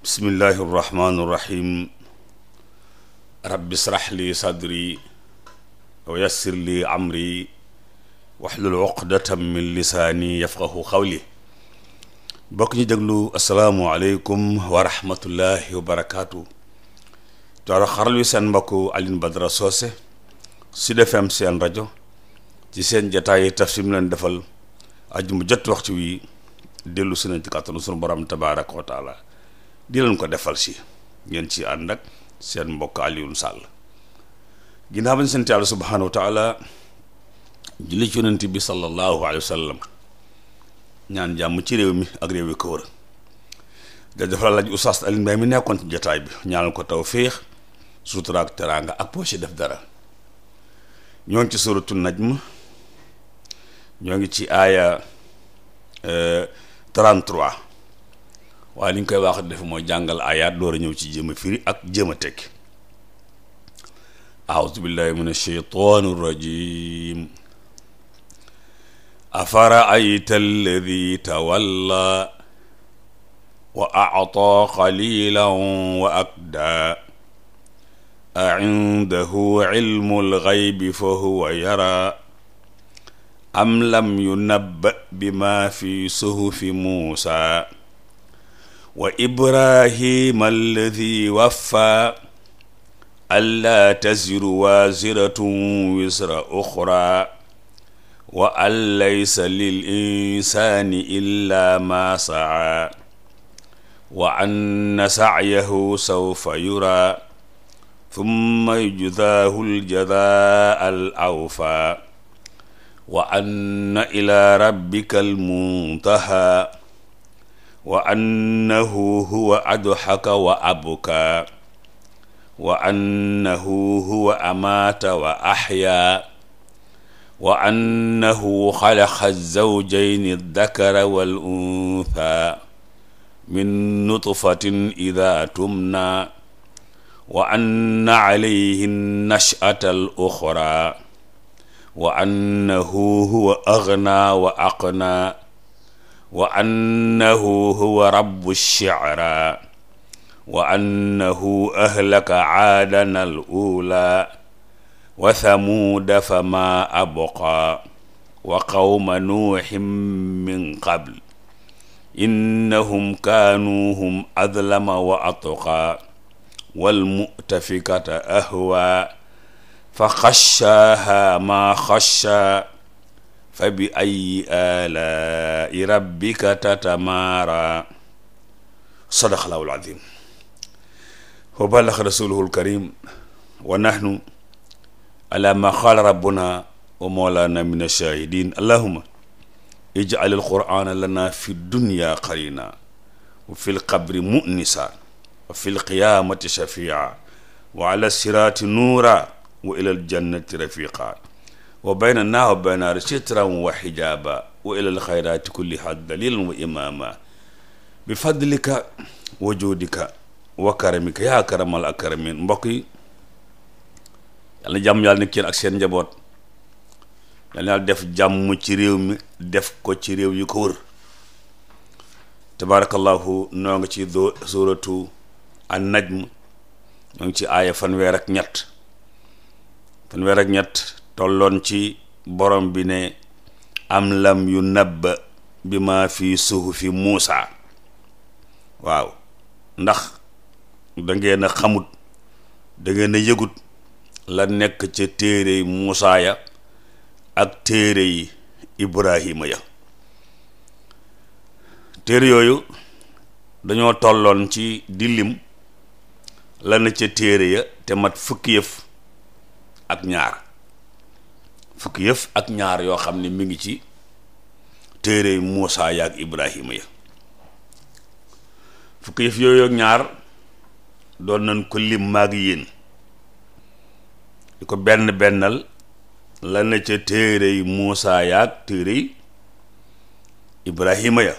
bismillahi irrahmani irrahim rabbi israh li sadri wa li amri waxlul uqdatan min lisaani yafqahu xawli bokk ñu déglu asalaamu aleykum wa rahmatullahi wa barakaatu tooro wi seen mbokk Alioune Badara Socé Sud FM seen rajo ci seen jataayi tafsir mu leen defal aju mu jot waxtu wi dellu si nañ ci kàttanu sunu borom tabaaraka wa di leen ko defal si ngeen ci ànd ak seen mbokk Alioune Sall ginnaaw bañ sant yàlla subhaanahu wa taala julli ci yonent bi sallallahu alayhi wa sallam ñaan jàmm ci réew mi ak réew yi ko wër da defal laaj Oustaz Alioune Mbaye mi nekkoon ci jotaay bi ñaanal ko tawfiix sutura ak teraanga ak poche def dara ñoo ngi ci suratu najm ñoo ngi ci aaya 33 euh, waaye li ñu koy wax def mooy jàngal ayaat door a ñëw ci jëm a firi ak jëm a tekki aoudu billahi min asheytaan rajim afaraayta alladi tawalla wa actaa qalilan wa akdaa aindahu cilmu lgaybi fa huwa yara am lam yunabba bima fi suhufi muusa wa ibrahima alladi waffa alla taziru waziratun wisra uxra wa an laysa lil insani illa ma saa wa anna sa'yahu sawfa yura thumma yujzaahu aljazaa al awfa wa anna ila rabbika almuntaha wa annahu huwa adhaka wa abka wa annahu huwa amaata wa axyaa wa annahu xalaqa zawjayni dakara wal unthaa min nutfatin idaa tumnaa wa anna alayhi nash'ata al uxraa wa annahu huwa aghnaa wa aqnaa wa annahu huwa rabbu shi'ra wa annahu ahlaka aadan al ula wa thamuuda fa ma abqa wa qawma nuuhin min qabl innahum kaanuu hum adlama wa atqa wal mu'tafikata ahwa fa xashshaaha ma xashshaa fa bi ay alai rabbika tatamaara sadaqallahu alazim wa balax rasuluhu alkarim wa nahnu ala ma qaala rabbuna wa moolana min alshahidin allahuma ijcal alqurana lana fi dunya qarina wa fi lqabri munisa wa fi lqiyamati shafia wa ala sirati nuura wa ila aljannati rafiqa wa baynana wa bayna sitran wa xijaaba wa ilal xayraati kulliha dalilan wa imaama bi fadlika wa karamika yaa karamal akramin mbokk yi yàlla na jàmm yàlla nekk yéen ak seen njaboot yàlla na def ci réew mi def ko ci réew yi ko wër tabaarakallahu noo ci do suratu najm ñoo ci aaya fanweer ak ñett fanweer ak ñett tolloon ci borom bi ne am lam yu nab bi ma fi suhufi Muusa waaw ndax da ngeen a xamut da a yëgut la nekk ca téere yi Muusa ya ak téere yi Ibrahima ya téere yooyu dañoo tolloon ci di la na ca téere ya te mat fukki yëf ak ñaar fukki yëf ak ñaar yoo xam ne mu ngi ci téere Muusaa yaak Ibrahima ya fukki yëf yooyu ak ñaar doon nañ ko lim maag yéen di ko benn bennal la na ca téere Muusaa yaak téere Ibrahima ya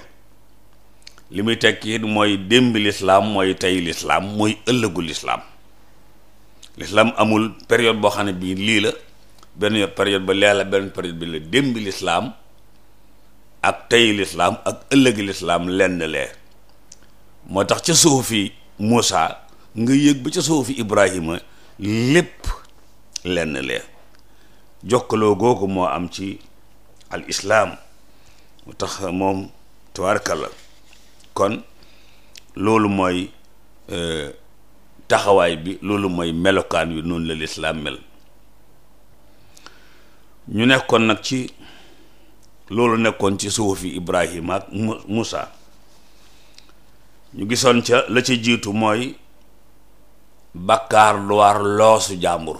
li muy tekki it mooy démb lislaam mooy tey lislaam mooy ëllëgu lislaam lislaam amul période boo xam ne bii lii la benn période ba leela benn période bi la démb lislaam ak tey lislaam ak ëllëg lislaam lenn leer moo tax ca suufi Muusa nga yëg ba ca fi Ibrahima lépp lenn leer jokkaloo googu moo am ci al islaam moo tax moom tabaarkalla kon loolu mooy euh, taxawaay bi loolu mooy melokaan yu noonu la lislaam mel ñu nekkoon nag ci loolu nekkoon ci suufi Ibrahima ak Moussa ñu gisoon ca la ca jiitu mooy bàkkaar du war loosu jàmbur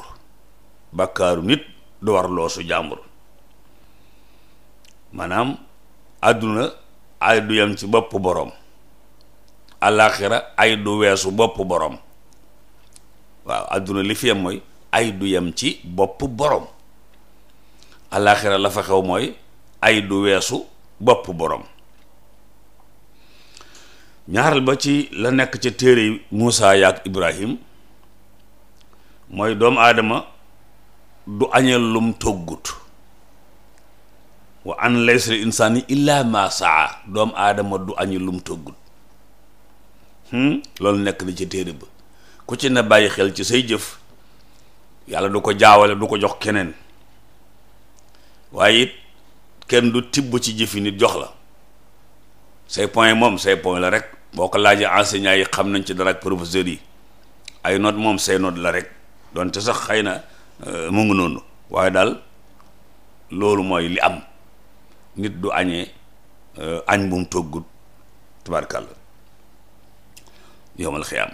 bakkaaru nit du war loosu jàmbur maanaam àdduna ay du yem ci boppu boroom alaaxira ay du weesu bopp boroom waaw àdduna li fi yem mooy ay du yem ci boppu boroom alaaxira la fa xew mooy ay du weesu bopp boroom ñaaral ba ci la nekk ca téere Muusa yaak Ibrahim mooy doomu aadama du añeel lum toggut wa an laysa lil insaani illa ma saa doomu aadama du añeel lum toggut hmm? loolu nekk na ca téere ba ku ci na bàyyi xel ci say jëf yàlla du ko jaawale du ko jox keneen waaye it kenn du tibb ci jëfi nit jox la say point moom say point la rek boo ko laajee enseignant yi xam nañ ci dara ak professeurs yi ay noot moom say noot la rek donte sax xëy na euh, mu ngi noonu waaye daal loolu mooy li am nit du añee euh, añ bu mu toggut tabarkàlla yowmal xiyaam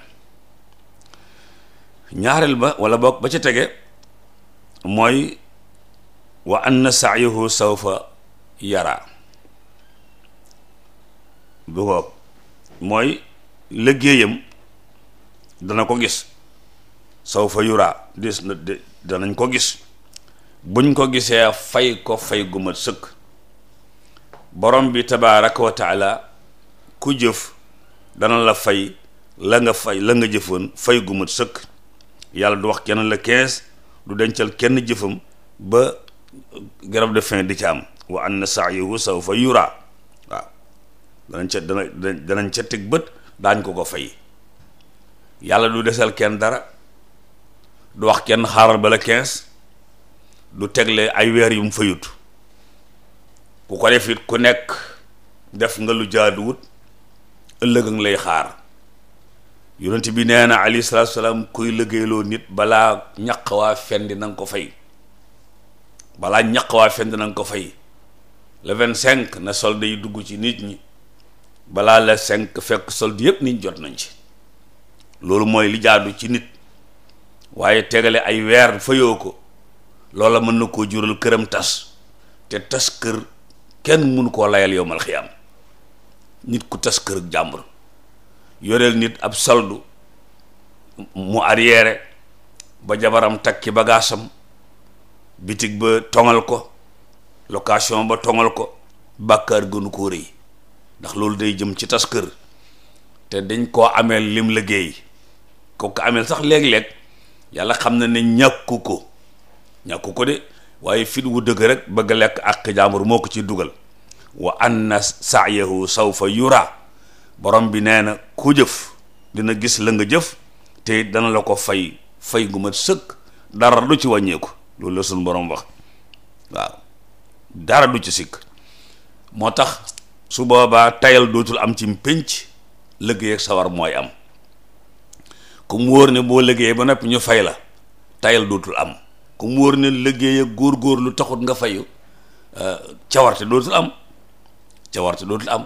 ñaareel ba wala boog ba ca tege mooy wa anna sa'yahu sawfa yara bu ko mooy liggéeyam dana ko gis sawfa yuraa des na danañ ko gis buñ ko gisee fay ko fay gu mat sëkk borom bi tabaaraka wa ku jëf dana la fay la fay la jëfoon fay gu sëkk yàlla du wax kenn la kees du dencal kenn jëfam ba garab de fin di ci am wa anna sa'yahu sawfa yura waaw danañ ca dana danañ ca teg bët daañ ko ko fay yàlla du desal kenn dara du wax kenn xaaral bala quinze du tegle ay weer yu mu fayut ku ko def ku nekk def nga lu jaaduwut ëllëg nga lay xaar yonent bi nee na alayhi salaatu salaam kuy liggéeyloo nit balaa ñaq waa fendi na ko fay balaa ñaq waa fend na nga ko fay la vingt cinq na solde yi dugg ci nit ñi balaa la cinq fekk solde yëpp nit jot nañ ci loolu mooy li jaadu ci nit waaye tegale ay weer fayoo ko loola mën na koo jural këram tas te tas kër kenn mënu koo layal yowmal am nit ku tas kër ak jàmbur yoreel nit ab soldu mu arrière ba jabaram takki bagaasam bitig ba toŋal ko location ba toŋal ko bàkkaar gënu ko rëy ndax loolu day jëm ci tas kër te dañ koo ameel lim liggéey ko ameel sax léeg-léeg yàlla xam na ne ñàkku ko ñàkku ko de waaye fit wu dëgg rek bëgg lekk ak jaambur moo ko ci dugal wa anna sa'yahu sawfa yura borom bi nee na ku jëf dina gis la nga jëf te dana la ko fay fay gu mat sëkk dara du ci wàññeeku loolu la suñ borom wax waaw dara du ci sikk moo tax su boobaa tayal dootul am ci pénc liggéey sawar mooy am ku mu wóor ne boo liggéeyee ba noppi ñu fay la tayal dootul am ku mu wóor ne liggéey góor-góor lu taxut nga fayu euh, cawarte dootul am cawarte dootul am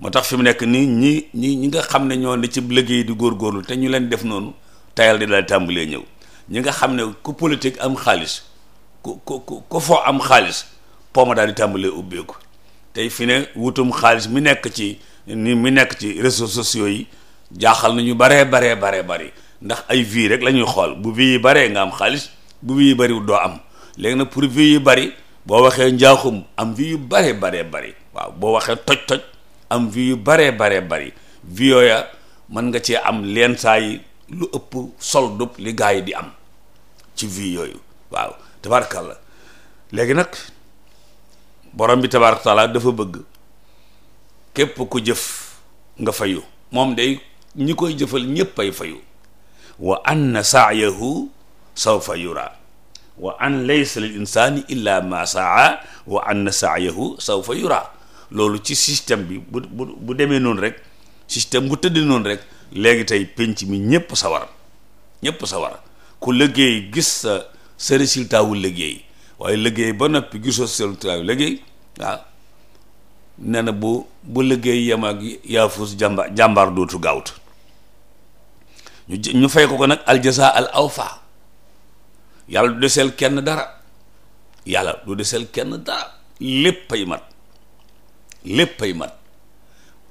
moo tax fi mu nekk nii ñi ñi ñi nga xam ne ñoo ne ci liggéey di góor-góorlu te ñu leen def noonu tayal di daal tàmbalee ñëw ñi nga xam ne ku politique am xaalis ku ku ku fo am xaalis poma daal di tàmbalee ubbeeku tey fi ne wutum xaalis mi nekk ci ni mi nekk ci réseaux sociaux yi jaaxal ñu baree baree baree bari ndax ay vie rek la ñuy xool bu vie yi baree nga am xaalis bu vie yi doo am léegi nag pour vie bari boo waxee njaaxum am vie yu baree baree bari waaw boo waxee toj-toj am vie yu baree baree bari vie ya mën nga cee am leen saa yi lu ëpp solde li gars di am ci vie yooyu waaw tabaarakallah léegi nag borom bi tabaaraka taala dafa bëgg képp ku jëf nga fayu moom day ñi koy jëfal ñépp ay fayu wa anna saayahu sawfa yura wa an laysa lil insaani illa ma saa wa anna saayahu sawfa yura loolu ci système bi bu bu bu demee noonu rek système bu tëdd noonu rek léegi tey penc mi ñépp sawar ñépp sawar ku liggéey gis sa sa résultat wu liggéey waaye liggéey ba noppi gisoo sa résultat wu liggéey waaw nee bu bu liggéey yem ak yaafus jàmbar jàmbaar dootu gaawut ñu ñu fay ko ko nag aljasa al awfa yàlla du deseel kenn dara yàlla du deseel kenn dara léppay mat léppay mat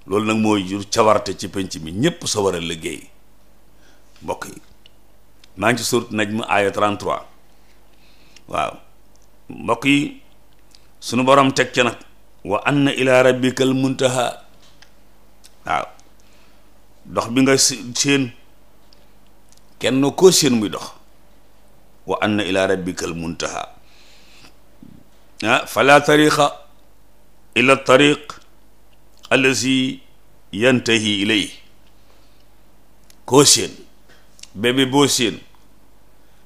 loolu nag mooy jur cawarte ci penc mi ñépp sa war a liggéey mbokk yi maa ngi ci surat najm aaya 33 waaw mbokk yi sunu borom teg ca nag wa anna ila rabbikal muntaha waaw dox bi nga séen kenn koo séen muy dox wa na ila rabbikal muntaha ah fala tariqa ila tariq allazi yantahi ilay koo séen bébé boo séen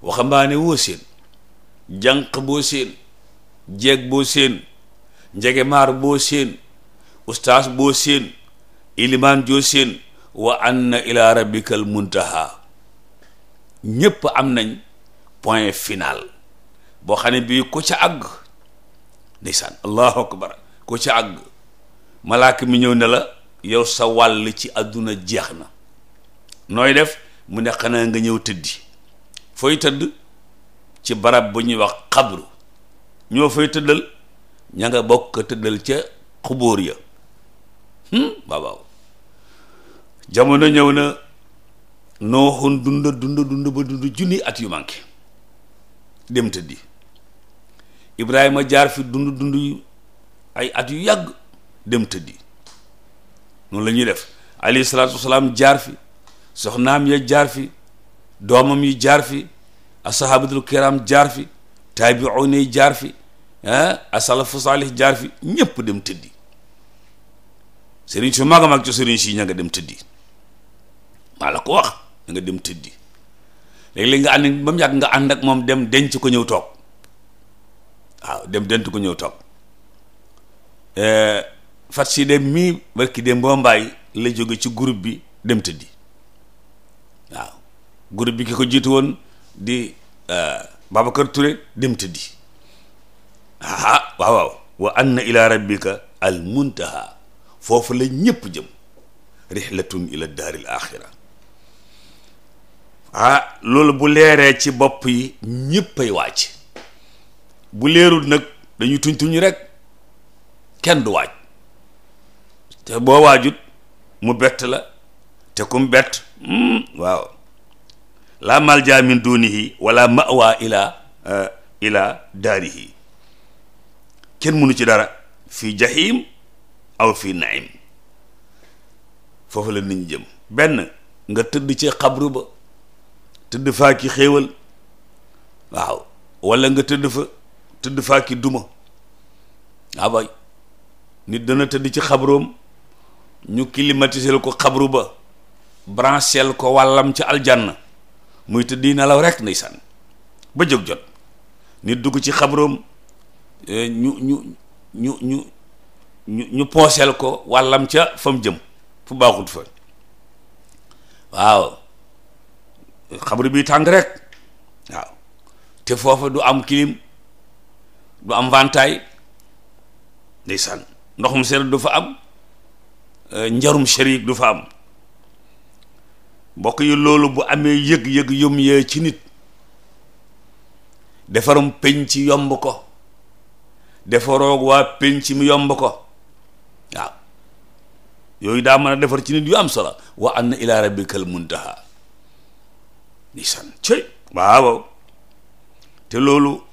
waxambaane woo séen jànq bo séen jeeg boo séen njegemaar bo séen ustaas boo seen ilimaan joo séen wa anna ila rabbika al ñépp am nañ point final boo xam ne ku ca àgg allahu akbar ku ca malaaka mi ñëw ne la yow sa wàll ci àdduna jeex na nooy def mu ne xanaa nga ñëw tëddi fooy tëdd ci barab bu ñuy wax xabru ñoo fay tëddal ña nga bokk tëddal ca xubóor ya hmm? waaw waaw jamono ñëw na nooxun dund dund dund ba dund junni at yu manqué dem tëddi ibrahima jaar fi dund dund ay at yu yàgg dem tëddi noonu la ñuy def alayhi salaatu jaar fi soxnaam ya jaar fi doomam yi jaar fi asahabatul kiram jaar fi taabiuun yi jaar fi ah asalafu saalih jaar fi ñépp dem tëddi sëriñ su mag a mag ci sëriñ si ña nga dem tëddi maa la ko wax ña dem tëddi léeg-léeg nga ànd nga ànd ak moom dem denc ko ñëw toog waaw dem denc ko ñëw toog eh, fat si dem mii barki dem boo mbaay la jóge ci groupe bi dem tëddi waaw groupe bi ki ko jiitu woon di euh, Babacar Touré dem tëddi aa waaw waaw wa anna ila rabbika al foofu la ñépp jëm rihlatun ila daaril axira loolu bu leeree ci bopp yi ñéppay wàcc bu leerul nag dañuy tuñ tuñ rek kenn du wàcc te boo waajut mu bett la te kum bett hmm, waaw laa malja min dunihi wala mawaa ila eh, ila kenn mënu ci dara fii jahim aw fii naim foofu la nit jëm benn nga tëdd ci xabru ba tëdd faa ki xéewal waaw wala nga tëdd fa tëdd faa ki duma waaway nit dana tëdd ci xabroom ñu climatisel ko xabru ba branchel ko wàllam ci aljana muy tëdd di nelaw rek ndeysaan ba jóg jot nit dugg ci xabroom e, ñu ñu ñu ñu ñu ñu pooseel ko wàllam ca fam jëm fu baaxut fa waaw xabru bi tàng rek waaw te foofa du am clim du am vantaay ndeysaan ndoxum sedd du fa am Euh, njarum sharik du fa am mbokk yi loolu bu amee yëg-yëg yom yee ci nit defarum ci yomb ko defaroog waa penc mi yomb ko waaw yooyu daa mën a defar ci nit yu am solo wa anna ila rabbikal muntaha nisan cëy waaw te loolu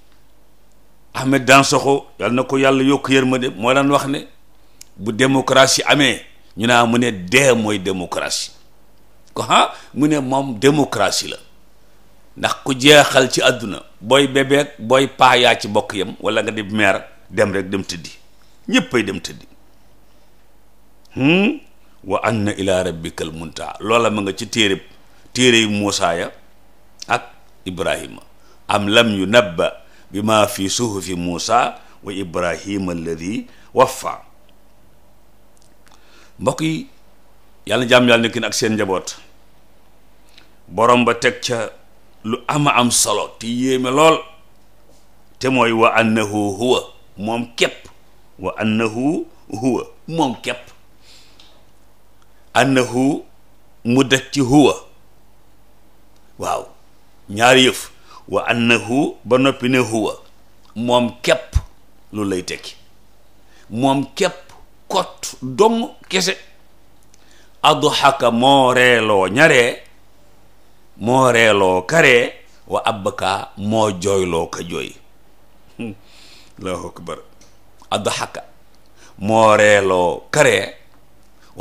Ahmed Dansokho yàlla na ko yàlla yokk yërmande moo daan wax ne bu démocratie amee ñu naa mu ne dee mooy démocratie ko ha mu ne moom démocratie la ndax ku jeexal ci àdduna booy bébé booy paa yaa ci mbokk yam wala nga di meer dem rek dem tëddi ñéppay dem tëddi hmm? wa anna ila rabbikal muntaha loola ma nga ci téere téere yu Muusaa ya ak Ibrahima am lam yunabba bi ma fi suhufi Muusaa wa Ibrahima alladi waffa mbokk yi yàlla na jàmm yàlla nekkin ak seen njaboot boroom ba teg ca lu ama am solo te yéeme lool te mooy wa annahu huwa moom képp wa annahu huwa moom mu daj ci huwa waaw ñaari yëf wa annahu ba noppi ne huwa moom képp lu lay tekki moom képp kott dong kese adhaka moo reeloo ñaree moo reeloo karee wa abka moo jooyloo ka jooy allahu akbar adhaka moo reeloo karee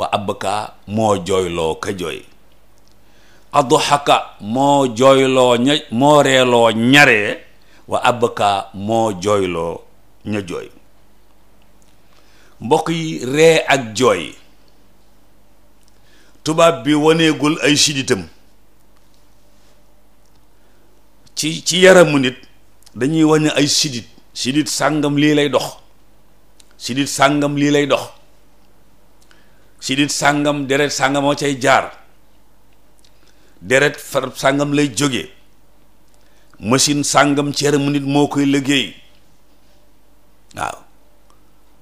wa abka moo jooyloo ka jooy adhaka moo jooyloo ña moo reeloo ñaree wa abka moo jooyloo ña jooy mbokk yi ree ak jooy tubaab bi waneegul ay siditam ci ci yaramu nit dañuy wane ay sidit sidit sàngam lii lay dox sidit sàngam lii lay dox sidit sàngam deret sàngamoo cay jaar deret far sàngam lay jóge machine sàngam ci yaramu nit moo koy liggéey waaw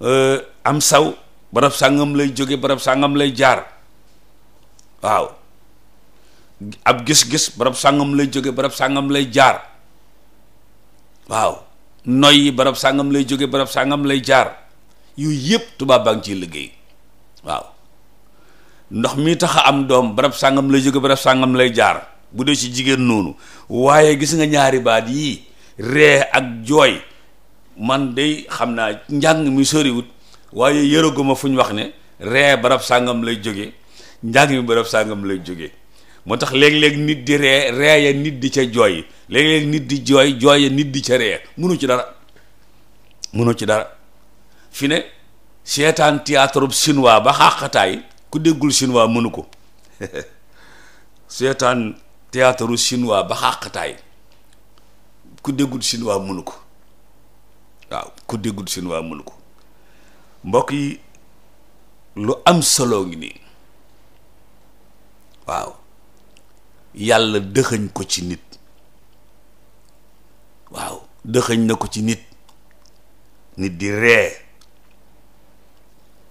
Euh, am saw barab sàngam lay jóge barab sàngam lay jaar waaw ab gis-gis barab sàngam lay jóge barab sàngam lay jaar waaw noyyi barab sàngam lay jóge barab sàngam lay jaar yooyu yëpp tubaab baa ciy liggéey waaw ndox mi tax a am doom barab sàngam lay jóge barab sàngam lay jaar bu dee ci jigéen noonu waaye gis nga ñaari baat yii ree ak jooy man day xam naa njàng mi soriwut waaye yërëguma fu ñu wax ne ree barab sàngam lay jóge njàng mi barab sàngam lay jóge moo tax léeg-léeg nit di ree ree ya nit di ca jooy léeg-léeg nit di jooy jooy ya nit di ca ree munu ci dara munu ci dara fi ne seetaan théâtre chinois ba xàqataay ku déggul chinois mënu ko seetaan théâtre chinois ba xàqataay ku déggul chinois mënu ko waaw ku déggul chinois mënu ko mbokk yi lu am solo ngi nii waaw yàlla dëxëñ ko ci nit waaw dëxëñ na ko ci nit nit di ree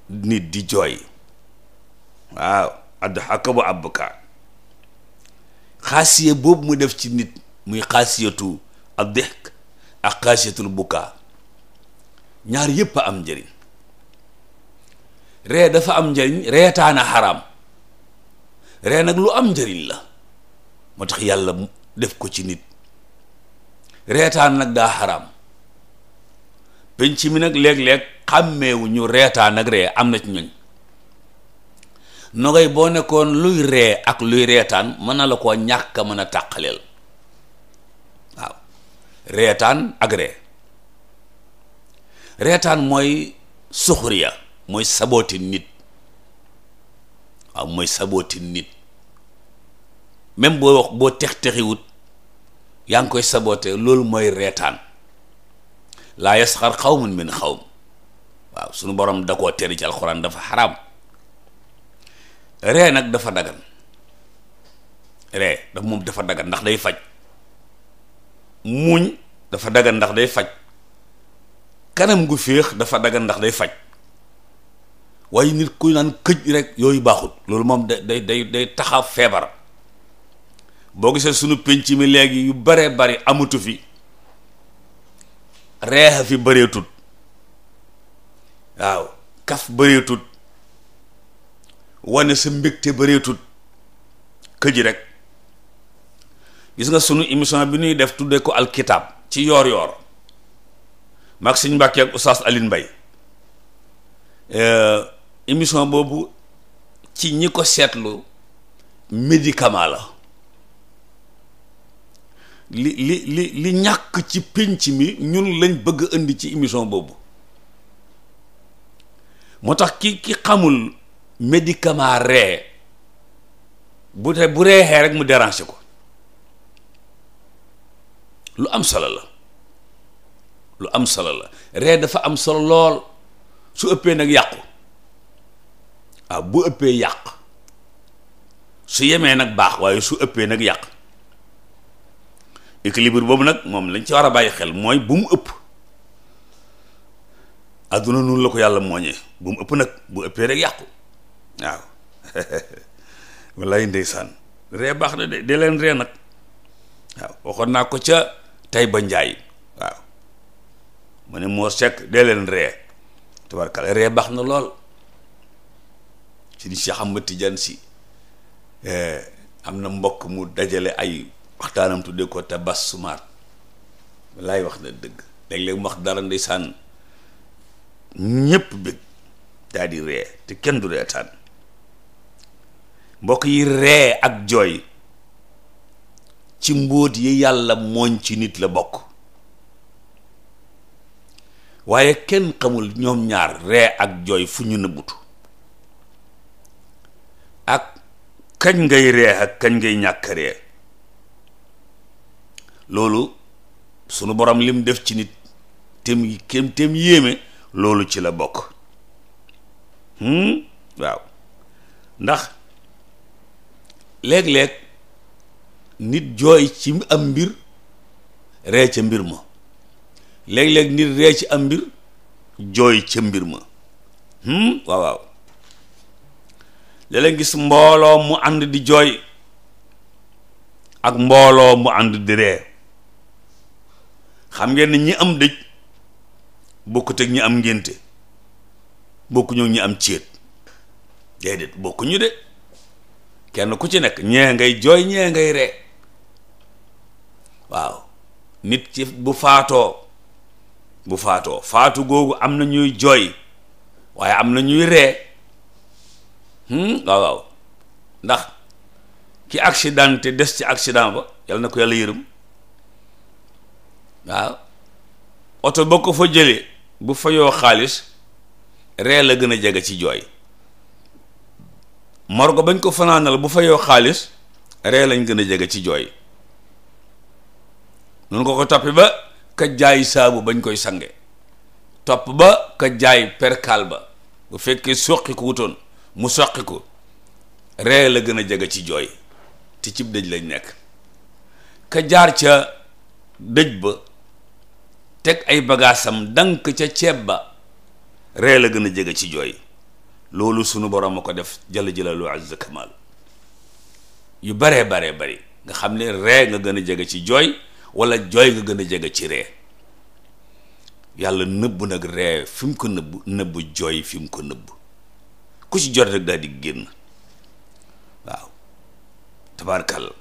nit di jooy waaw adhaka wa abka xaasiya boobu mu def ci nit muy xaasiyatu ad dihk ak xaasiyatul buka ñaar yépp am njëriñ ree dafa am njëriñ reetaana xaraam ree nag lu am njëriñ la moo tax yàlla def ko ci nit reetaan nag daa xaraam penc mi nag léeg-léeg xàmmeewu ñu reetaan ak ree am na ci ñoñ nogay boo nekkoon luy ree ak luy reetaan mën na la koo ñàkk mën a tàqaleel waaw reetaan ak ree reetaan mooy suxuriya mooy sabooti nit waaw mooy sabooti nit même boo boo tex-texiwut yaa ngi koy saboote loolu mooy reetaan laa yasxar xawmun min xawm waaw suñu borom da koo teri ci alxuraan dafa xaraam ree nag dafa dagan ree daf moom dafa dagan ndax day faj muñ dafa dagan ndax day faj kanam gu féex dafa dagan ndax day faj waaye nit kuy naan këj rek yooyu baaxut loolu moom day day day taxa feebar boo gisee sunu pénc mi léegi yu baree bari amatu fi reexa fi bëreetut waaw kaf bëreetut wane sa mbégte bëreetut këj rek gis nga sunu émission bi ñuy def tuddee ko alkitab ci yoor yoor maag sëñ Mbàkke ak Oustaz Aline euh, émission boobu ci ñi ko seetlu médicament la li li li ñàkk ci pénc mi ñun lañ bëgg indi ci émission boobu moo tax ki ki xamul médicament ree bu de bu reexee rek mu déranger ko lu am solo la lu am solo la ree dafa am solo lool su ëppee nag yàqu waaw ah, bu ëppee yàq su yemee nag baax waaye su ëppee nag yàq équilibre boobu nag moom lañ ci war a bàyyi xel mooy bu mu ëpp adduna noonu la ko yàlla mooñee bu mu ëpp nag bu ëppee rek yàqu waaw wallaay ndeysaan ree baax na de de leen ree nag waaw waxoon naa ko ca tey ba njaay mu ne moo sekk dee leen ree tabarkalla ree baax na lool ci suñu xam Ahmad Tidiane si eh, am na mbokk mu dajale ay waxtaanam tuddee ko tabassumaat laay wax na dëgg léeg-léeg mu wax dara ndeysaan ñépp bëgg daal di ree te kenn du reetaan mbokk yi ree ak jooy ci mbóot yi yàlla mooñ ci nit la bokk waaye kenn xamul ñoom ñaar ree ak jooy fu ñu nëbbutu ak kañ ngay ree ak kañ ngay ñàkk loolu sunu borom lim def ci nit tem kem tem yéeme loolu ci la bokk hmm? waaw ndax léeg-léeg nit jooy ci am mbir ree ca mbir ma léeg-léeg nit ree ci am mbir jooy ca mbir ma hmm? waaw waaw léeg gis mbooloo mu ànd di jooy ak mbooloo mu ànd di ree xam ngeen ne ñi am dëj bokkut ak ñi am ngénte bokkuñu ñi am céet déedéet bokkuñu de kenn ku ci nekk ñee ngay jooy ñee ngay ree waaw nit ci bu faatoo bu faatoo faatu googu am na ñuy jooy waaye am na ñuy ree hmm? waaw waaw ndax ki accident te des ci accident ba yàlla na ko yàlla yërëm waaw oto ba ko fa jëlee bu fayoo xaalis ree la gën a jege ci jooy morgo bañ ko fanaanal bu fayoo xaalis ree lañ gën a jege ci jooy noonu ko ko toppi ba ka jaay saabu bañ koy sange topp ba ka jaay perkaal ba bu fekkee soqi ko wutoon mu soqi ko ree la gën a jege ci jooy te cib dëj lañ nekk ka jaar ca dëj ba teg ay bagaasam dank ca ceeb ba ree la gën a jege ci jooy loolu sunu borom a ko def jalla jalaalu azza kamal yu baree baree bari nga xam ne ree nga gën a jege ci jooy wala jooy nga gën a jege ci ree yàlla nëbb nag ree fi ko nëbb nëbb jooy fi mu ko nëbb ku ci jot rek daal di génn waaw tabaarkàlla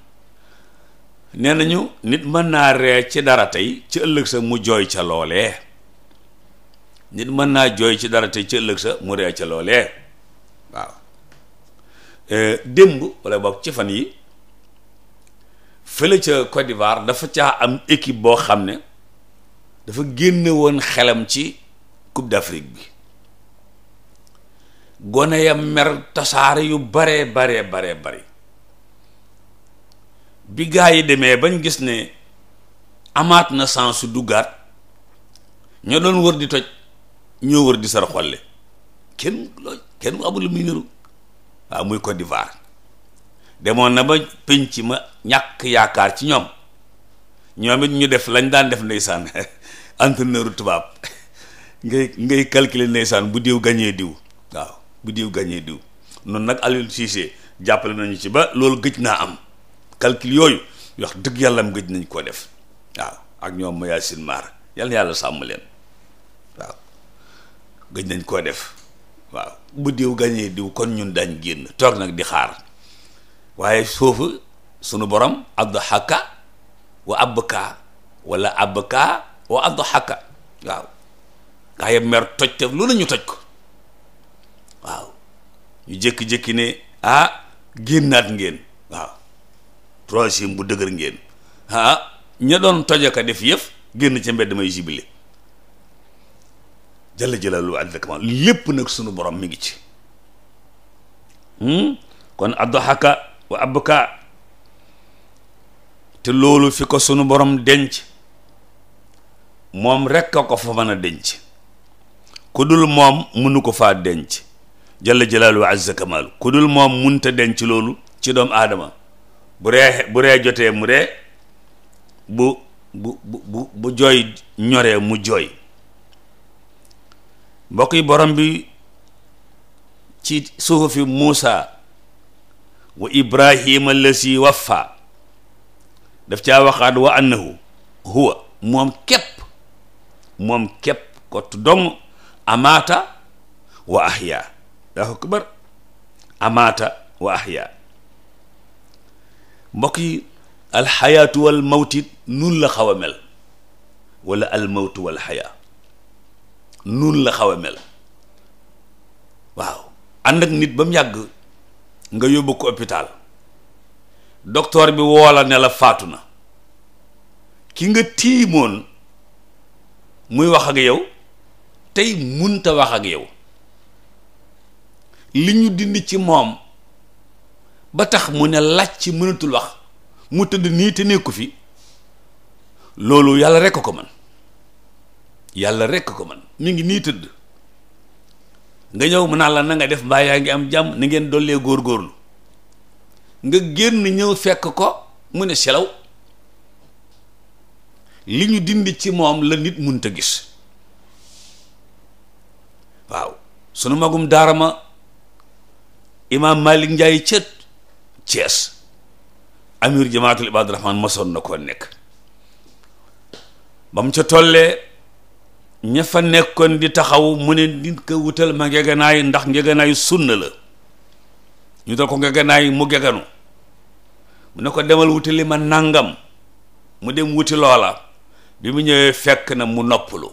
nee nañu nit mën naa ree ci dara tey ci ëllëg sa mu jooy ca loolee nit mën naa jooy ci dara tey ci ëllëg sa mu ree ca loolee waaw eh, démb wala boog ci fan yi fële ca Côte d'Ivoire dafa caa am équipe boo xam ne dafa génn woon xelam ci Coupe d'Afrique bi gone ya mer tasaare yu bare bare bare bare bi gaa yi demee bañ gis ne amaat na sans su duggaat ñoo doon wër di toj ñoo wër di sar xolle kenn loo kenn amul lu muy niru waaw muy Côte d'Ivoire demoon na ba pénc ma ñàkk yaakaar ci ñoom ñoom it ñu def lañ daan def ndeysaan entraîneur tubaab ngay ngay calculer ndeysaan bu diw gañee diw waaw bu diw gañee diw noonu nag Aliou Cissé jàppale nañu ci ba loolu gëj naa am calcul yooyu wax dëgg yàlla gëj nañ koo def waaw ak ñoom ma yàlla sàmm leen waaw gëj koo def waaw bu diw gañee diw kon ñun daañ génn toog nag di xaar waaye soofu sunu borom adhaka wa abka wala abka wa adhaka waaw nga yëpp mer toj te lu ñu toj ko waaw ñu jékki-jékki ne ah génnaat ngeen waaw troisième bu dëgër ngeen ah ña doon toj ak a def yëf génn ca mbedd may jibile jalla jalaalu adrakama lépp nag sunu borom mi ngi ci hmm? kon adhaka wa abka te loolu fi ko sunu borom denc moom rekk a ko fa mën a denc ku dul moom mënu ko faa denc jalla jalaalu azza kamaalu ku dul moom munta denc loolu ci doomu aadama bu ree bu ree jotee mu ree bu bu bu bu jooy ñoree mu jooy mbokk yi borom bi ci suufu fi Muusa wa ibrahima allasi waffa daf caa waxaat wa annahu huwa moom képp moom képp kott dong amaata wa ahya daa akbar amaata wa ahya mbokk yi alxayaatu wal mawtit nun la xaw a mel wala almawtu wal xayaa nun la xaw a mel waaw ànd ak nit ba mu yàgg nga yóbbu ko hôpital docteur bi woola ne la faatu na ki nga tiimoon muy wax ak yow tey munta wax ak yow li ñu dind ci moom ba tax mu ne laaj ci mënatul wax mu tëdd nii te nekku fi loolu yàlla rekk ko man yàlla rekk ko mën mu ngi nii tëdd nga ñëw mu naan la na nga def mbaa yaa ngi am jàmm na ngeen dollee góorgóorlu nga génn ñëw fekk ko mu ne selaw li ñu dindi ci moom la nit munta gis waaw sunu magum daara ma imaam Malik Njaay cët Cees amir jamaatul ibaadu rahmaan masoon na koo nekk ba mu ca tollee ña nekkoon di taxaw mu ne nit ko wutal ma ngegenaay ndax ngegenaay sunna la ñu dal ko ngegenaay mu geganu mu ne ko demal wutali ma nangam mu dem wuti loola bi mu ñëwee fekk na mu noppalu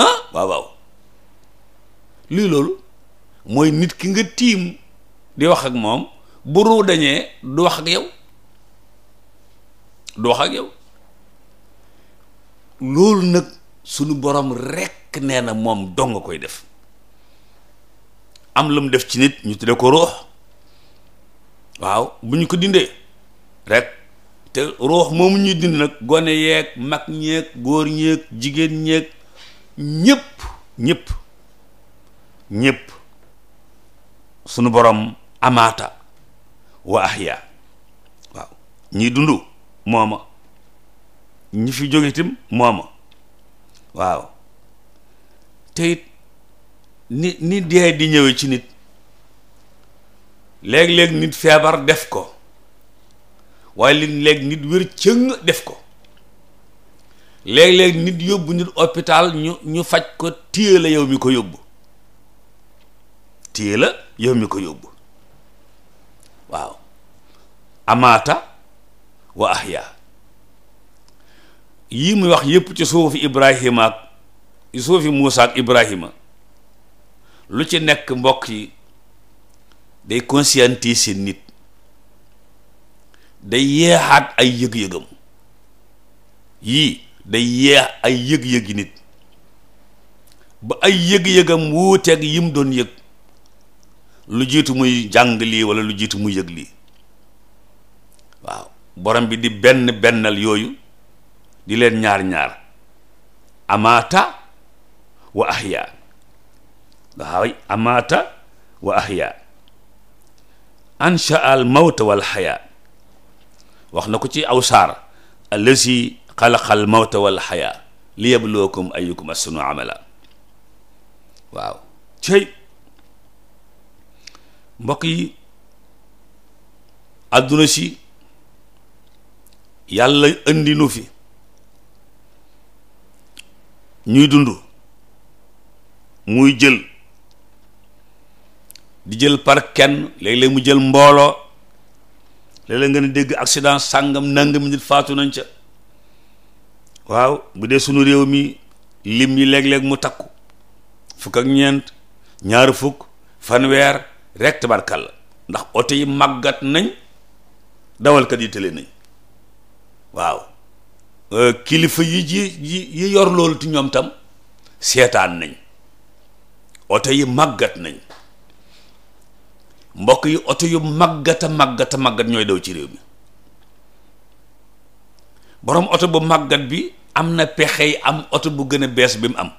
ah waaw waaw lii loolu mooy nit ki nga tiim di wax ak moom bu ruu dañee du wax ak yow du wax ak yow loolu nag sunu borom rekk nee na moom dong koy def am lu mu def ci nit ñu tudde ko ruux waaw bu ñu ko dindee rek te ruux moomu ñuy dind nag gone yeeg mag ñeeg góor ñeeg jigéen ñeeg ñëpp ñëpp ñëpp sunu borom amaata wa ahya waaw ñi dund mooma ñi fi jóge mooma waaw te it ni dee di ñëwee ci nit léeg-léeg nit feebar def ko waaye li léeg nit wér cëng def ko léeg-léeg nit yóbbu nit hôpital ñu ñu faj ko téye la yow mi ko yóbbu téye la yow mi ko yóbbu waaw amaata wa ahya yii muy wax yépp ci suufi ibrahima ak yi muusa ak ibrahima lu ci nekk mbokk yi day conscientiser nit day yeexaat ay yëg-yëgam yii day yeex ay yëg-yëgi nit ba ay yëg-yëgam wuuteeg yim doon yëg lu jiitu muy jàng lii walla lu jiitu mu yëg lii waaw borom bi di benn bennal yooyu di leen ñaar-ñaar amaata wa ahya amaata wa ahya ansha al mawta wal wax na ko ci aw saar si xalaqal mawta wal xaya li yabluwakum ayyukum ahsanu amala waaw cëy mbokk yi àdduna si yàlla indi nu fi ñuy dund muy jël di jël par kenn léeg-léeg mu jël mbooloo léeg-léeg nga dégg accident sàngam nangam nit faatu nañ ca waaw bu dee sunu réew mi lim yi léeg-léeg mu takku fukk ak ñeent ñaar fukk fanweer rek tabarkàlla ndax oto yi màggat nañ dawalkat yi tële nañ waaw Euh, kilifa yi ji yi yor loolu ti ñoom tam seetaan nañ oto yi màggat nañ mbokk yi oto yu màggata màggata màggat ñooy daw ci réew mi boroom oto bu màggat bi am na pexey am oto bu gën a bees bi mu am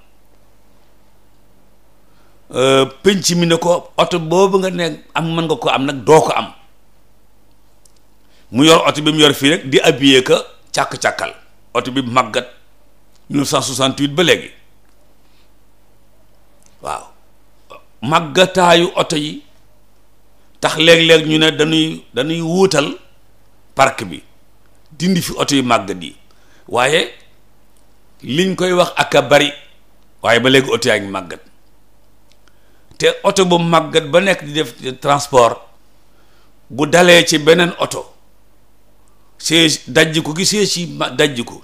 euh, pénc mi ni ko oto boobu nga ne am mën nga ko am nag doo ko am mu yor oto bi mu yor fii rek di habillé ka càkk-càkkal oto bi màggat 1968 ba léegi waaw màggataayu oto yi tax léeg-léeg ñu ne dañuy dañuy wuutal park bi dindi fi oto yu màggat yi waaye liñ koy wax ak bari waaye ba léegi oto yaa ngi màggat te oto bu màggat ba nekk di def transport bu dalee ci beneen oto sées dajj ko gi sées yi dajj ko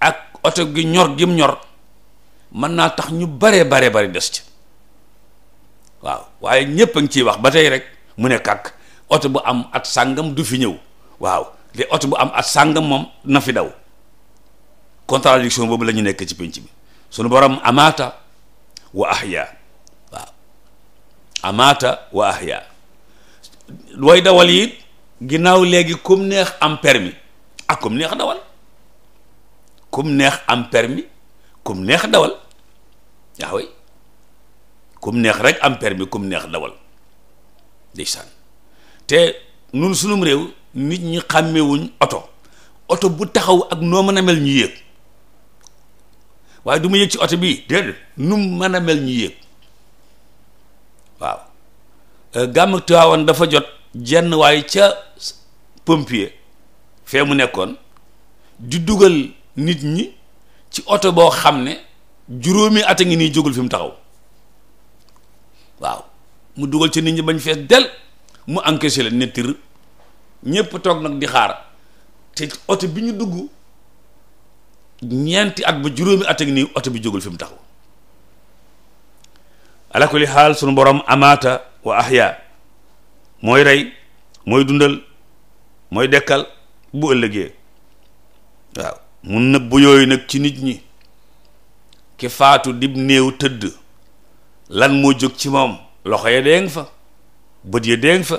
ak oto gi ñor gim ñor mën naa tax ñu bare bare bari des ci waaw waaye ñépp a ngi ciy wax ba tey rek mu ne kàkk oto bu am at sàngam du fi ñëw waaw te oto bu am at sàngam moom na fi daw contradiction boobu la ñu nekk ci pénc bi sunu borom amaata wa ahya waaw amaata wa ahya looy dawal it ginnaaw léegi kum neex am permis ak kum neex dawal kum neex am permi kum neex dawal waaw kum neex rek am permis kum neex dawal te nun sunum réew nit ñi xàmmewuñ oto oto bu taxaw ak noo mën a mel ñu yéeg waaye du ma yéeg ci oto bii déedéet nu mën a mel ñu yéeg waaw euh, gàmm ak Tiwaawan dafa jot jenn waay ca pompier fee mu nekkoon di dugal nit ñi ci oto boo xam ne juróomi at a ngi nii jógul fi mu taxaw waaw mu dugal ci nit ñi bañ fees del mu encaissé la nettir ñépp toog nag di xaar te oto bi ñu dugg ñeenti at ba juróomi at a ngi nii oto bi jógul fi mu taxaw ala kulli xaal sunu borom amaata wa ahya mooy rey mooy dundal mooy dekkal bu ëllëgee waaw mu nëbb yooyu nag ci nit ñi ki faatu dib néew tëdd lan moo jóg ci moom loxo ya dee fa bët ya dee fa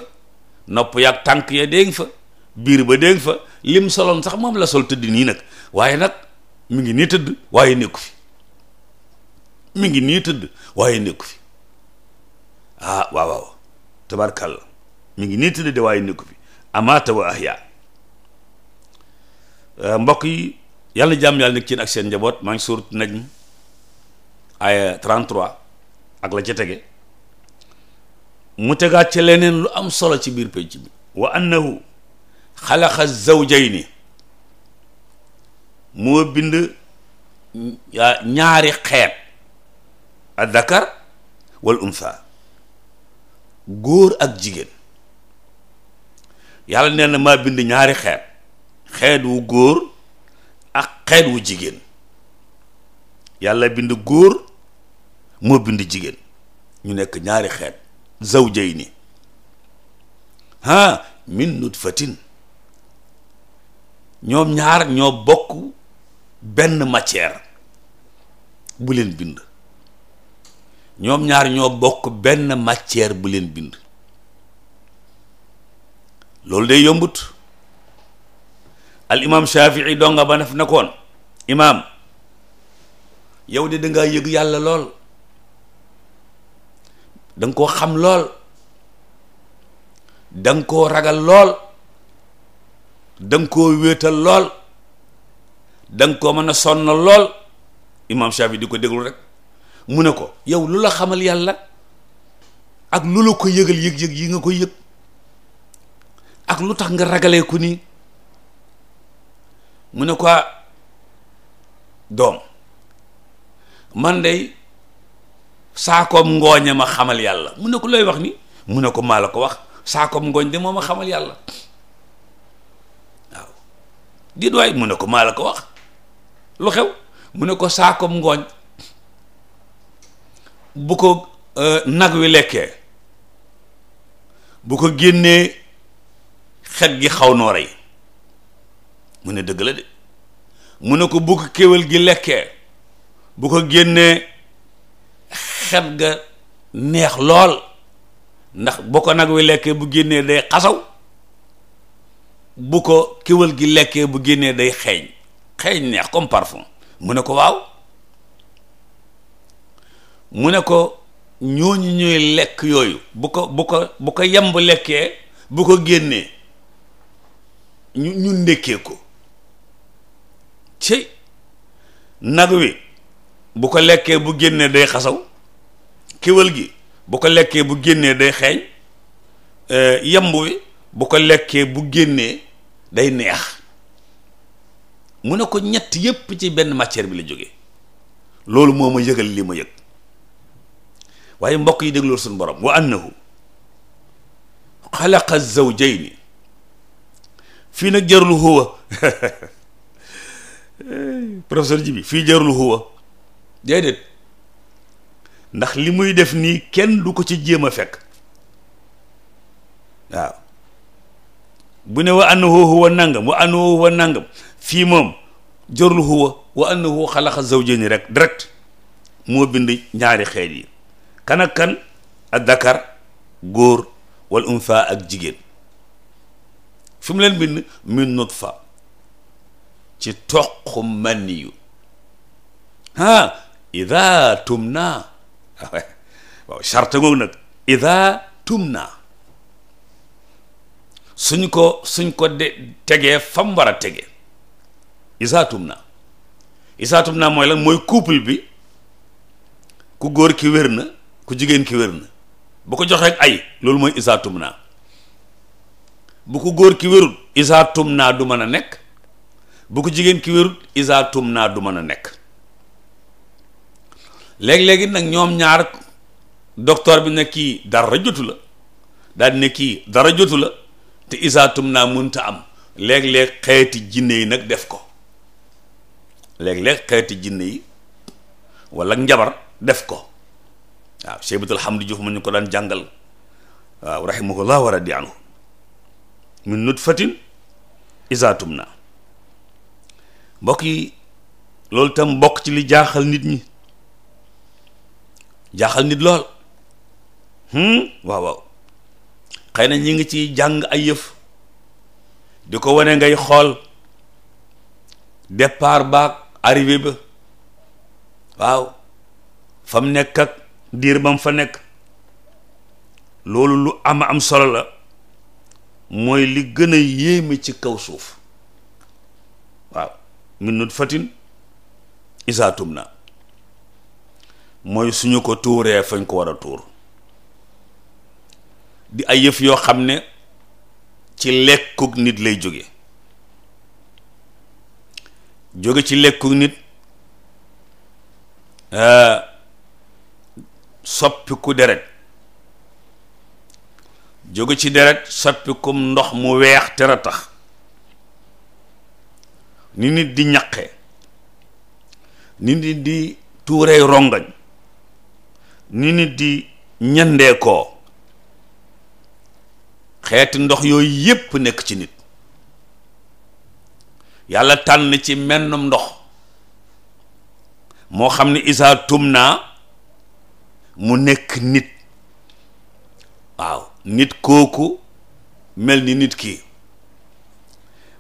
nopp yaag tànk ya dee fa biir ba dee fa lim soloon sax moom la sol tëdd nii nag waaye nag mi ngi nii tëdd waaye nekku fi mi ngi nii tëdd waaye nekku fi ah waaw waaw tabarkàlla mu ngi nii tëdd de waaye nekku fi amaata wa ahya euh, mbokk yi yàlla na jàmm yàlla nekk ci ak seen njaboot maa ngi suurat najm aaya 33 ak la ca mu tegaat ci leneen lu am solo ci biir pénc bi wa annahu xalaqa zawjayni moo bind ñaari xeet ad dakar wal untha góor ak jigéen yàlla nee maa bind ñaari xeet xeet wu góor ak xeet wu jigéen yàlla bind góor moo bind jigéen ñu nekk ñaari xeet zawjay ni ha min nutfatin ñoom ñaar ñoo bokk benn matière bu leen bind ñoom ñaar ñoo bokk benn matière bu leen bind loolu day yombut al imam shafii donga ba def nekkoon imaam yow de dangaa yëg yàlla lool danga koo xam lool dang koo ragal lool danga koo wéetal lool danga koo mën a sonnal lool imaam Shaafi di ko déglu rek mu ne ko yow lu la xamal yàlla ak lu la ko yëgal yëg-yëg yi nga ko yëg ak lu tax nga ragalee ku nii mu ne ko ah, doom man day saakom ngooña ma xamal yàlla mu ne ko looy wax ni mu ne ko maa la ko wax saakoom ngooñ de moo ma xamal yàlla waaw di doy mu ne ko maa la ko wax lu xew mu ne ko saakoom ngooñ bu ko euh, nag wi lekkee bu ko génnee xet gi xaw noo rey mu ne dëgg la de mu ne ko bu kéwél gi lekkee bu ko génnee xet ga neex lool ndax bu ko nag wi lekkee bu génnee day xasaw bu ko kéwél gi lekkee bu génnee day xeeñ xeeñ neex comme parfum mu ne ko waaw mu ne ko ñooñu ñooy lekk yooyu bu ko bu ko bu ko yemb lekkee bu ko génnee ñu ñu ndékkee ko ci nag wi bu ko lekkee bu génnee day xasaw kéwal gi bu ko lekkee bu génnee day xeeñ eh, yamb wi bu ko lekkee bu génnee day neex mu ne ko ñett yépp ci benn matière bi la jógee loolu moo ma yëgal li ma yëg waaye mbokk yi déglool suñu borom wa annahu xalaqa zawjayni fii nag jarul huwa professeur Djibi fii jarul huwa déedéet ndax li muy def nii kenn du ko ci jéem a fekk waaw ne wa annahu huwa nangam wa annahu huwa nangam fii moom jarul huwa wa annahu xalaqa zawjayni rek direct moo bind ñaari xeet yi kan ak kan ak dakar góor wal unfa ak jigéen fi mu leen bind min nutfa ci toq maniyu ah ida tumna waaw charte ngoog nag ida tumna suñ ko suñ ko de tegee fam war a tegee ida tumna ida tumna mooy lan mooy couple bi ku góor ki wér na ku jigéen ki wér na boo ko joxee ay loolu mooy ida tumna bu ko góor ki wérut isaa tum naa du mën a nekk bu ko jigéen ki wérut isaa naa du mën a nekk léeg-léegi nag ñoom ñaar docteur bi ne kii dara jotu la daal ne kii dara jotu la te isaa tum naa mënta am léeg-léeg xeeti jinne yi nag def ko léeg-léeg xeeti jinne yi wala njabar def ko waaw Cheikh Abdoul Hamdi Diouf mu ñu ko daan jàngal waaw rahimahullah wa radi anhu min nutfatin isaatum tumna mbokk yi loolu tam bokk ci li jaaxal nit ñi jaaxal nit lool hmm? waaw waaw xëy na ñi ngi ciy jàng ay yëf di ko wane ngay xool départ baak arrivé ba waaw fam nekk ak diir bam fa nekk loolu lu am am solo la mooy li gën a yéeme ci kaw suuf waaw min nutfatin isaa tumna mooy suñu ko tuuree fañ ko war a tuur di ay yëf yoo xam ne ci lekkug nit lay jóge jóge ci lekkug nit euh, soppiku deret jóge ci deret soppikum ndox mu weex te ratax ni nit di ñaqe ni nit di tuurey rongañ ni nit di ñandeekoo xeeti ndox yooyu yépp nekk ci nit yàlla tànn ci mennum ndox moo xam ni isaa tum naa mu nekk nit waaw nit kooku mel ni nit kii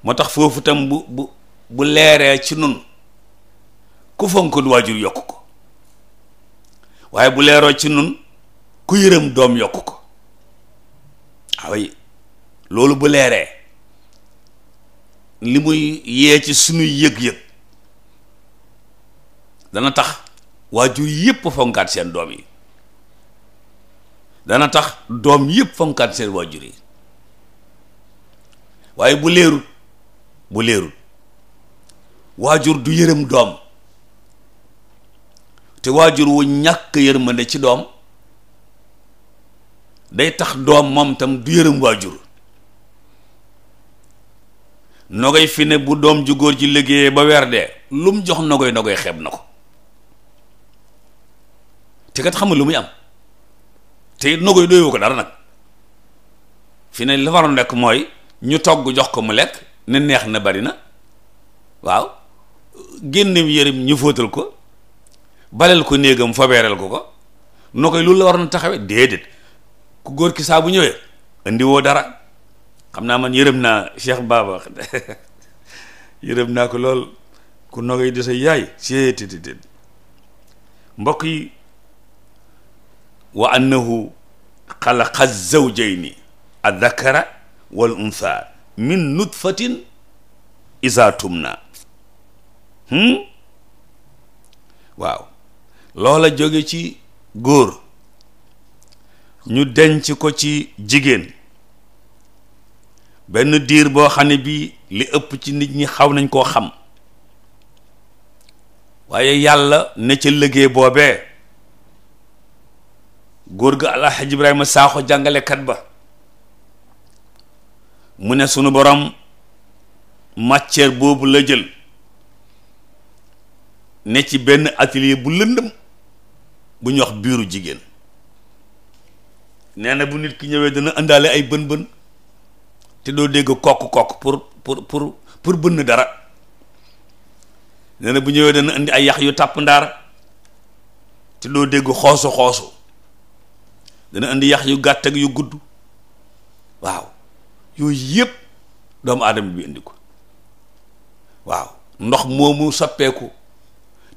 moo tax foofu tam bu bu bu leeree ci nun ku fonkoon waajur yokk ko waaye bu leeroo ci nun ku yërëm doom yokku ko waaye loolu bu leeree li muy yee ci sunuy yëg-yëg dana tax waajur yépp fonkaat seen doom yi dana tax doom yëpp fonkaat seen waajur yi waaye bu leerul bu leerul waajur du yërëm doom te waajur wu ñàkk yërmande ci doom day tax doom moom tam du yërëm waajur nogay fi ne bu doom ju góor ji liggéeyee ba weer dee lum jox nogay nogay xeeb na ko te kat xam lu muy am te nogoy doyoo ko dara nag fi ne la waroon nekk mooy ñu togg jox ko mu lekk ne neex na bari na waaw génneem yërim ñu fóotal ko baleel ko néegam fobeeral ko ko nogoy loolu la waroon taxawe déedéet ku góor ki saa bu ñëwee indiwoo dara xam naa man yërëm naa Cheikh Baba yërëm naa ko lool ku nogoy di sa yaay seet mbokk yi wa annahu xalaqa zawjayni adakara wal untha min nutfatin isa tumna hmm? waaw loola jóge ci góor ñu denc ko ci jigéen benn diir boo xam ne bi li ëpp ci nit ñi xaw nañ koo xam waaye yàlla ne ca liggéey boobee góor ga alxaj ibrahima saaxo jàngalekat ba mu ne sunu borom matière boobu la jël ne ci benn atelier bu lëndëm bu ñu wax biiru jigéen nee na bu nit ki ñëwee dana indaale ay bën-bën te doo dégg kokk-kokk pour pour pour pour bënn dara nee na bu ñëwee dana indi ay yax yu tàpp ndaar te doo dégg xoosu xoosu dana indi yax yu gàtt ak yu gudd waaw yooyu yëpp doomu aadama bi indi ko waaw ndox moomu soppeeku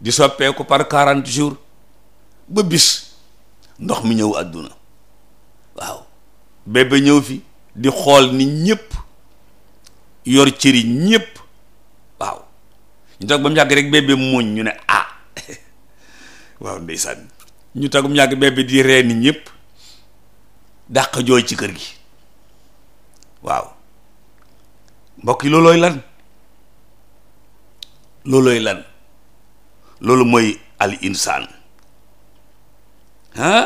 di soppeeku par quarante jours ba bis ndox mi ñëw àdduna waaw bébé ñëw fi di xool ni ñëpp yor cëri ñëpp waaw ñu toog ba mu yàgg rek bébé muñ ñu ne ah waaw ndeysaan ñu toog mu yàgg bébé di ree ni ñëpp dàq jooy ci kër gi waaw mbokk yi loolooy lan loolooy lan loolu mooy al insaan ah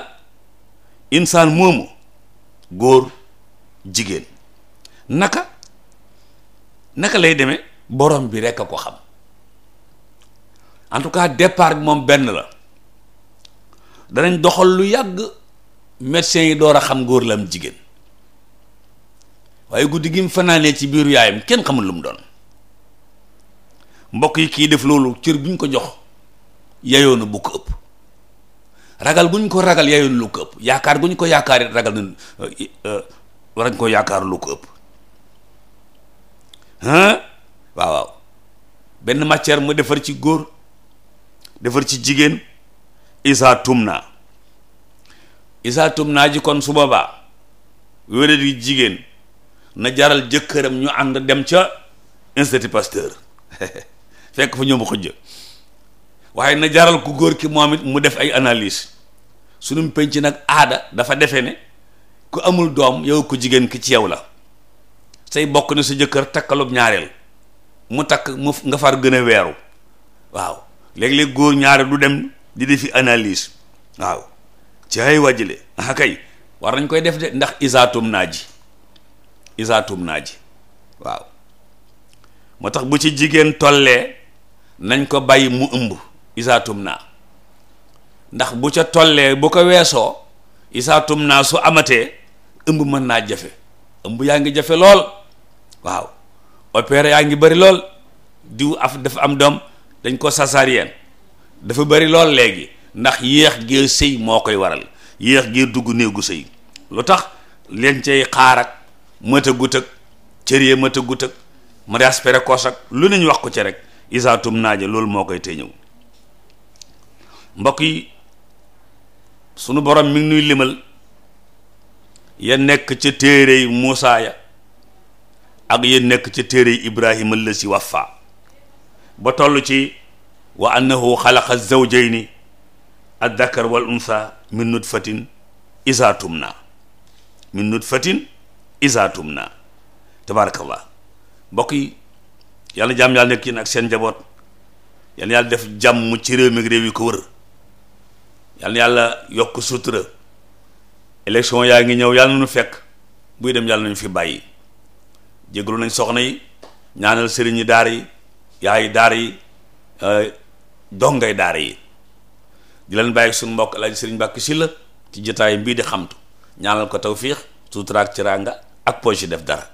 insaan moomu góor jigéen naka naka lay deme borom bi rekk a ko xam en tout cas départ bi moom benn la danañ doxal lu yàgg médecin yi door a xam góor la am jigéen waaye guddi gi mu fanaanee ci biiru yaayam kenn xamul lu mu doon mbokk yi kii def loolu cër bu ñu ko jox yayoon na bu ko ëpp ragal gu ñu ko ragal yayoon lu ëpp yaakaar gu ñu ko yaakaar it ragal na euh, euh, war nañ ko yaakaar lu ko ëpp ah waaw waaw benn matière ma defar ci góor defar ci jigéen isa tum naa isaa tum naa ji kon su boobaa wérat yi jigéen na jaral jëkkëram ñu ànd dem ca institut pasteur fekk fa ñoom xujj waaye na jaral ku góor ki moom it mu def ay analyse sunu penc nag aada dafa defe ne ku amul doom yow ku jigéen ki ci yow la say bokk ne sa jëkkër takkalub ñaareel mu takk mu nga far gën a weeru waaw léeg-léeg góor ñaare du dem di defi analyse waaw ci ay wàjjile ah kay war nañ koy def de ndax isaatum naa ji isaatum naa ji waaw moo tax bu ci jigéen tollee nañ ko bàyyi mu ëmb isaatum naa ndax bu ca tollee bu ko weesoo isaatum naa su amatee ëmb mën naa jafe ëmb yaa ngi jafe lool waaw opéré yaa ngi bari lool diw af daf am doom dañ ko césarienne dafa bari lool léegi ndax yéex gee sëy moo koy waral yéex gee dugg néegu sëy lu tax leen cay xaar ak mët a gut ak cëree mët a gut ak mariage précoce lu nañ wax ko ci rek isaatum naaja loolu moo koy tee ñëw mbokk yi sunu borom mi ngi nuy limal ya nekk ca téere yi ya ak ya nekk ca téere yi Ibrahima la si waffa ba toll ci wa annahu xalaqa zawjayni addakar wal untha min nutfatin iza tumna min nutfatin iza tumna tabarakallah mbokk yi yàlla jàmm yàlla nekk yéen ak seen njaboot yàlla yàlla def jàmm ci réew mi ak réew yi ko wër yàlla yàlla yokk sutura élection yaa ngi ñëw yàlla nañu fekk buy dem yàlla nañu fi bàyyi jégalu nañ soxna yi ñaanal sëriñi daara yi yaayi daara yi euh, dongay daara yi di leen bàyyi suñu mbokk Alaaji Sëriñ Mbàkke Sylla ci jotaay mbii di xamtu ñaanal ko tawfiix sutura ak ciranga ak poche def dara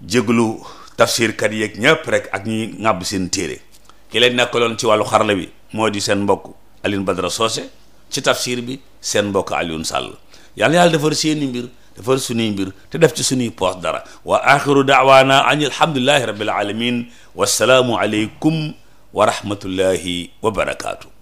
jéglu tafsirkat yeeg ñëpp rek ak ñuy ŋàbb seen téere ki leen nekkaloon ci wàllu xarala bi moo di seen mbokk Alioune Badara Socé ci tafsir bi seen mbokk Alioune Sall yàlla yàlla defar seeni mbir defar suñuy mbir te def ci suñuy poos dara wa axiru daawaana an alhamdulillahi rabbil alamin wassalaamu aleykum wa rahmatullahi wa barakaatu